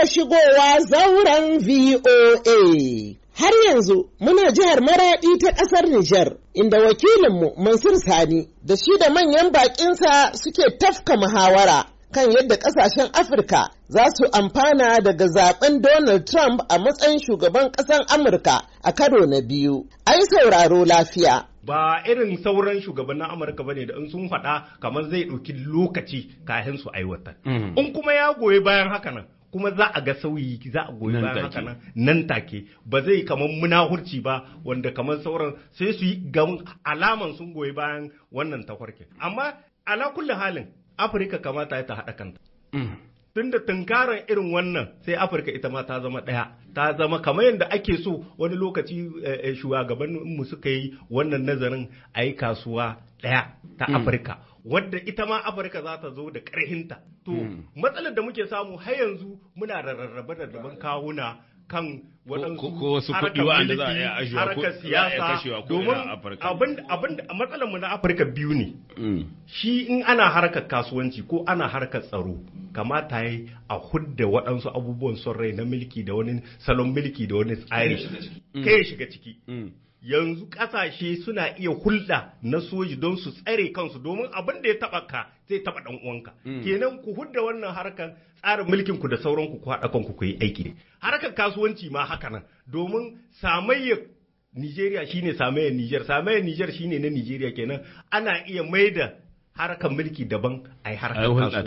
iya shigowa zauren VOA. Har yanzu muna jihar Maraɗi ta ƙasar Nijar, inda wakilinmu Mansur Sani da shi da manyan baƙinsa suke tafka muhawara kan yadda ƙasashen Afirka za su amfana daga zaben Donald Trump a matsayin shugaban ƙasar Amurka a karo na biyu. Ai sauraro lafiya. ba irin sauran shugabannin amurka bane da in sun faɗa kamar zai ɗauki lokaci kafin su aiwatar mm. in kuma ya goyi bayan haka nan kuma za a ga sauyi za a goyi bayan haka nan nan take ba zai kamar munahurci ba wanda kamar sauran sai su yi alaman sun goyi bayan wannan takwarkin amma ala kulli halin afirka kamata ta haɗa kanta mm. tunda tunkarar irin wannan sai afirka ita ma ta zama ɗaya ta zama kamar yadda ake so wani lokaci eh, eh, shugabanninmu suka yi wannan nazarin a yi kasuwa ɗaya ta mm. afirka wadda ita ma Afirka za ta zo da ƙarhinta. To hmm. matsalar da muke samu har yanzu muna da rarrabe rabon kawuna kan waɗansu ko wasu za a yi harkar siyasa domin abin da matsalar mu na Afirka biyu ne. Hmm. Shi in ana harkar kasuwanci ko ana harkar tsaro kamata yi a hudda waɗansu abubuwan son rai na milki da wani salon milki da wani tsari. Kai ya shiga ciki. yanzu kasashe suna iya hulɗa na soji don su tsare kansu domin abin da ya taɓa ka zai taɓa ɗan uwanka mm. kenan ku hudda wannan harkar tsarin mulkin ku da sauran ku haɗa kanku ku yi aiki ne. harkar kasuwanci ma haka nan domin samayya Nigeria shine samayya Niger samayya Niger shine na Nigeria kenan ana iya maida harkar mulki daban a yi harkar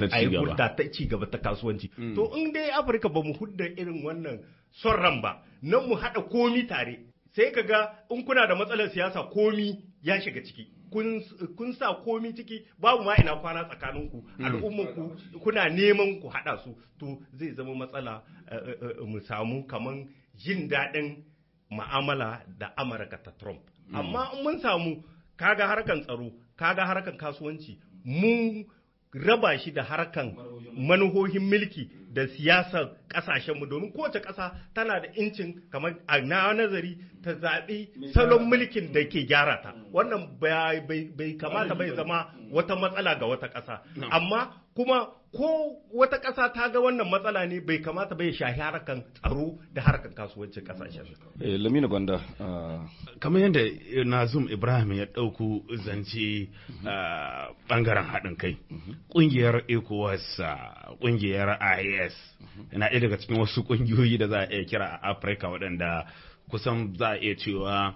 ta ci gaba ta kasuwanci. Mm. To in dai Afirka ba mu hudda irin wannan son ran ba, nan mu haɗa komi tare sai ka ga in kuna da matsalar siyasa komi ya shiga ciki kun sa komi ciki babu ma ina kwana tsakaninku hmm. al'ummanku kuna neman ku haɗa su to zai zama matsala eh, eh, eh, mu samu kaman jin daɗin ma'amala da amurka ta trump hmm. amma mun samu kaga harkan tsaro kaga harkan kasuwanci mu. raba shi da harkan manuhohin mulki da siyasar kasashenmu domin kowace ƙasa tana da incin kamar a na nazari ta zaɓi salon mulkin da ke gyara ta wannan bai kamata bai zama wata matsala ga wata ƙasa amma kuma ko wata ƙasa ta ga wannan matsala ne bai kamata bai shahi harkan tsaro da harkan kasuwancin ƙasashen. Eh, Lamina Gwanda. Ah. Kamar yadda Nazum Ibrahim ya ɗauku zance mhm. ah, ɓangaren haɗin kai, mhm. ƙungiyar ECOWAS, ah, ƙungiyar IAS, mhm. na ɗaya daga cikin wasu ƙungiyoyi da za a iya kira a Afirka waɗanda kusan za a iya cewa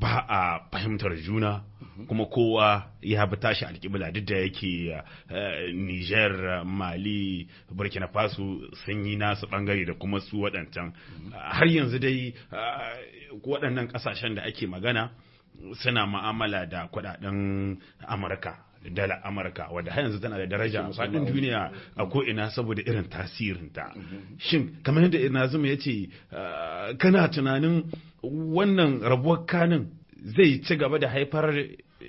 ba a fahimtar juna kuma kowa ya bi tashi alƙibla duk da yake eh, niger mali burkina faso sun yi nasu bangare da kuma su waɗancan har yanzu dai eh, waɗannan ƙasashen da ake magana suna ma'amala da kuɗaɗen amurka dala amurka wadda har yanzu tana da daraja a faɗin duniya a ko'ina saboda irin tasirinta mm-hmm. shin kamar yadda nazim ya ce ah, kana tunanin wannan rabuwar kanin zai ci gaba da haifar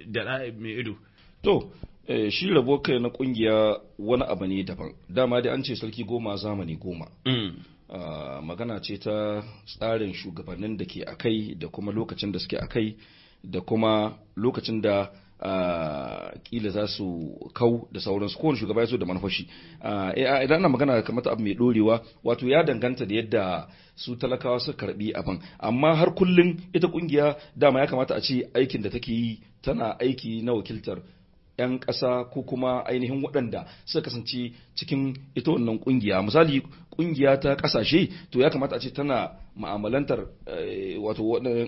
da mai ido to eh, shi rabuwar kai na kungiya wani abu ne daban dama dai an ce sarki goma zamani goma mm. ah, magana ce ta tsarin shugabannin da ke akai kai da kuma lokacin da suke a kai da kuma lokacin da kila za su kau da sauransu kowane shugaba ya so da manufashi eh, idan ana magana kamata abu mai dorewa wato ya danganta da yadda su talakawa su karbi abin amma har kullum ita kungiya dama ya kamata a ce aikin da take yi tana aiki na wakiltar 'yan ƙasa ko kuma ainihin waɗanda suka kasance cikin ita wannan ƙungiya misali ƙungiya ta ƙasashe to ya kamata a ce tana ma'amalantar eh, wato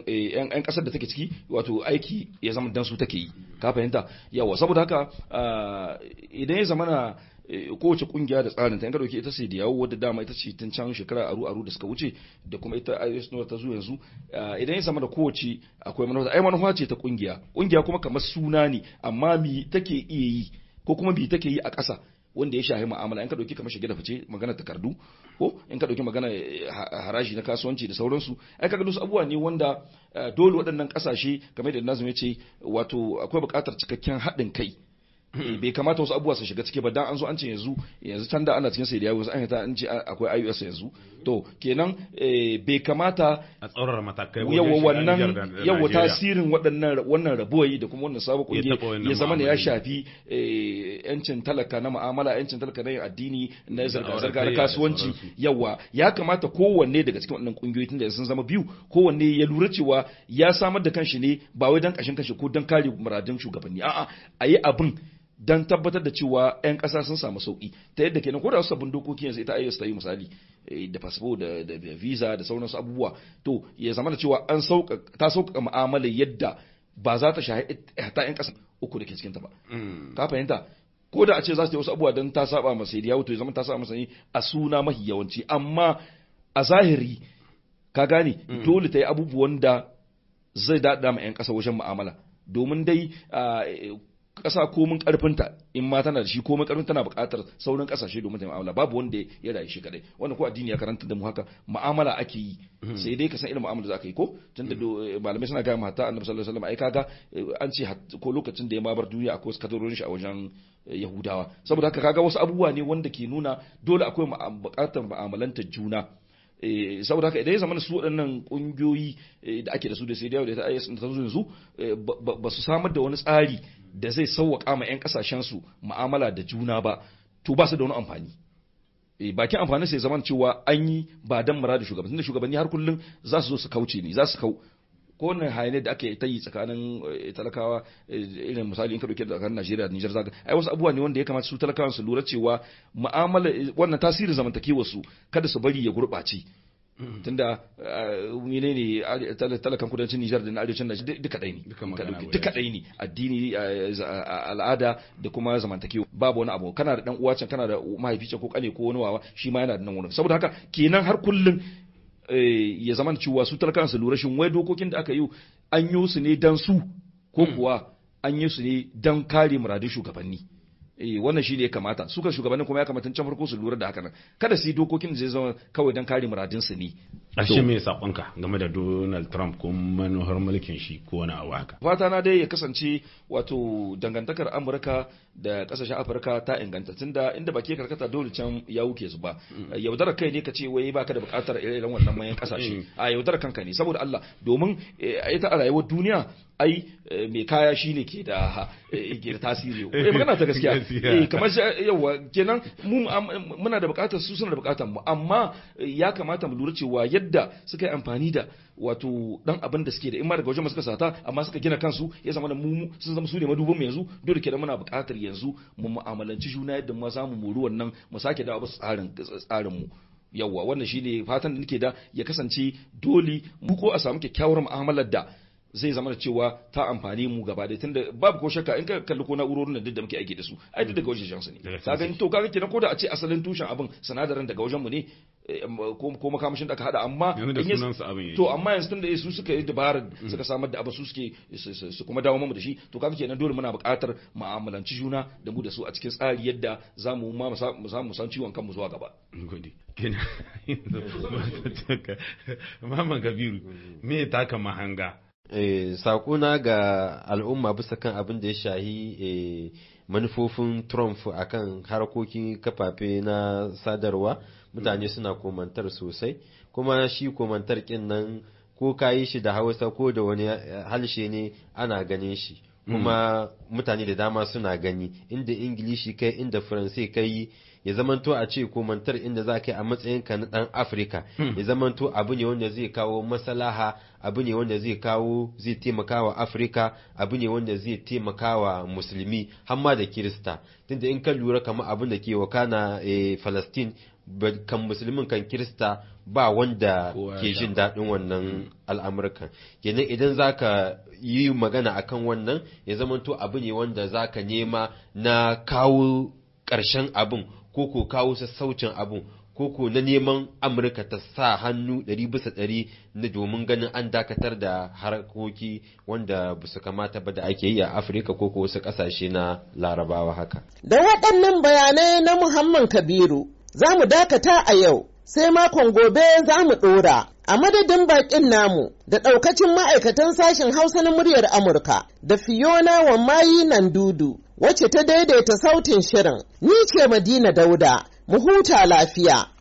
eh, 'yan ƙasar da take ciki wato aiki ya zama dan su take yi ka fahimta yawa saboda haka ah, idan ya zama na. Eh, kowace kungiya da tsarin ta in ka dauki ita sai da yawo wadda dama ita ce tun can shekara aru aru da suka wuce da kuma ita IOS nawa ta zo yanzu ah, idan ya sama da kowace akwai manufa ai manufa ce ta kungiya kungiya kuma kamar suna ne amma mi take iya yi ko kuma bi take yi a ƙasa wanda ya shahi mu'amala in ka dauki kamar shige da fice magana takardu ko in ka dauki magana eh, haraji na kasuwanci da sauransu ai kaga dusu abubuwa ne wanda ah, dole waɗannan ƙasashe kamar da nazumi ya ce wato akwai buƙatar cikakken haɗin kai bai kamata wasu abubuwa su shiga ciki ba dan an zo an ce yanzu yanzu tanda ana cikin sai da yawo an ta an ce akwai iOS yanzu to kenan eh, bai kamata a tsaurar matakai yawa wannan yawa tasirin waɗannan wannan rabuwayi da kuma wannan sabon kungiya ya zama ne ya shafi yancin eh, talaka na mu'amala yancin talaka na yin addini na zarga zarga na kasuwanci yawa ya kamata kowanne daga cikin wannan kungiyoyi da sun zama biyu kowanne ya lura cewa ya samar da kanshi ne ba wai dan kashin kanshi ko dan kare muradun shugabanni a'a ayi abin don tabbatar da cewa 'yan ƙasa sun samu sauƙi ta yadda kenan ko da wasu sabbin dokoki yanzu ita IOS ta yi misali eh, da fasfo da visa da sauran su abubuwa to ya zama da cewa an ta sauƙaƙa mu'amala yadda ba za ta shahi ta 'yan ƙasa uku da ke cikinta ba mm. ka fahimta ko da a ce za su yi wasu abubuwa don ta saba masa ya wuto ya zama ta saba masa a suna mahi yawanci amma a zahiri ka gane mm. dole ta yi abubuwan da zai daɗa ma 'yan ƙasa wajen mu'amala domin dai ah, eh, ƙasa komin ƙarfinta in ma tana da shi komin ƙarfin tana buƙatar sauran ƙasashe domin ta mu'amala babu wanda ya rayu shi kadai wannan ko addini ya karanta da mu haka mu'amala ake yi hmm. sai dai ka san irin mu'amala za ka yi ko tunda hmm. eh, malamai suna gaya mata annabi sallallahu alaihi wasallam ai kaga eh, an ce ko lokacin da ya ma bar duniya akwai wasu kadarorin shi a wajen eh, yahudawa saboda haka kaga wasu abubuwa ne wanda ke nuna dole akwai buƙatar mu'amalanta juna saboda haka idan ya zamana su waɗannan ƙungiyoyi da ake da su da sai da ta IS ta zo yanzu ba su samar da wani tsari da zai sauwaƙa ma 'yan ƙasashensu ma'amala da juna ba to ba su da wani amfani e bakin amfanin sai zaman cewa an yi ba dan muradin shugabanni da shugabanni har kullum za su zo su kauce ne za su kau ko wannan hayane da aka yi ta yi tsakanin eh, talakawa eh, irin misali in ka dauke da tsakanin Najeriya da Nijar zaga ai wasu abubuwa ne wanda ya kamata su talakawan su lura cewa mu'amala wannan tasirin zamantakewar su kada su bari ya gurɓace tunda uh, mine ne talakan kudancin Nijar da arewacin Nijar duka ɗai ne duka ɗai ne addini uh, al'ada da kuma zamantakewa babu wani abu kana da ɗan uwa kana da mahaifi can ko kane ko wani wawa shi ma yana da nan wurin saboda haka kenan har kullum. Eh, ya zaman cewa su talakan su lura shin wai dokokin da aka yi an yi su ne dan su ko mm. kuwa an yi su ne dan kare muradun shugabanni eh wannan shi ne ya kamata su ka shugabannin kuma ya kamata can farko su lura da hakan kada su yi dokokin da zai zama kawai don kare muradin su ne shi me saƙonka game da Donald Trump ko manuhar mulkin shi ko wani abu haka fata na dai ya kasance wato dangantakar Amurka da kasashen Afirka ta inganta tunda inda baki karkata dole can ya wuke su ba mm. eh, yaudara kai ne ka ce wai baka da bukatar irin wannan manyan kasashe mm. a yaudara kanka ne saboda Allah domin eh, ita a rayuwar duniya ai eh, mai kaya shine ke da eh, ke da tasiri eh magana ta gaskiya eh, kamar yawa kenan muna da bukatar su suna da bukatar mu amma ya kamata mu lura cewa yadda suka yi amfani da wato dan abin da suke da in ma daga wajen suka sata amma suka gina kansu ya zama da mumu sun zama su ne madubin mu yanzu dole kenan muna bukatar yanzu mu mu'amalanci juna yadda mu samu mu wannan mu sake da ba tsarin tsarin mu yawwa wannan shine fatan da nake da ya kasance dole mu ko a samu kyakkyawar mu'amalar da zai zama da cewa ta amfani mu gaba da tunda babu ko shakka in ka kalli ko na'urorin nan duk da muke aiki da su ai duk daga wajen jansu ne ka gani to kaga kenan ko da a ce asalin tushen abin sinadarin daga wajen mu ne eh, ko makamashin da aka hada amma to amma yanzu tunda eh, su suka yi dabara mm. suka samar da abin su suke su kuma dawo mu da shi to kaga kenan dole muna buƙatar mu'amalanci juna da mu da su a cikin tsari yadda za mu ma mu samu san ciwon kanmu zuwa gaba gode kenan maman kabiru me taka mahanga Eh, Sakona ga al'umma bisa kan abin da ya shahi eh, manufofin Trump akan harkokin kafafe na sadarwa mutane suna komantar sosai kuma shi komantar kin nan ko ka yi shi da hausa ko da wani eh, halshe ne ana ganin shi. kuma mm. mutane da dama suna gani inda ingilishi kai inda faransai kai ya zamanto a ce komantar inda za ka yi a matsayinka na ɗan afirka mm. ya zamanto abu ne wanda zai kawo masalaha abu ne wanda zai kawo zai taimaka wa afirka abu ne wanda zai taimaka wa musulmi hamma da kirista tunda in ka lura kamar abin da ke wakana eh, falastin kan musulmin kan kirista ba wanda ke jin daɗin wannan mm. al'amurkan kenan idan za ka yi magana a kan wannan ya zamanto abu ne wanda za ka nema na kawo ƙarshen abin ko ko kawo sassaucin abin ko ko na neman amurka ta sa hannu ɗari bisa ɗari na domin ganin an dakatar da harkoki wanda ba su kamata ba da ake yi a afirka ko ko wasu ƙasashe na larabawa haka da waɗannan bayanai na muhammad kabiru za mu dakata a yau sai makon gobe za mu ɗora. A madadin baƙin namu da ɗaukacin ma'aikatan sashen Hausa na muryar Amurka da Fiona nan Nandudu wacce ta daidaita sautin shirin, ni ce Madina Dauda, mu huta lafiya.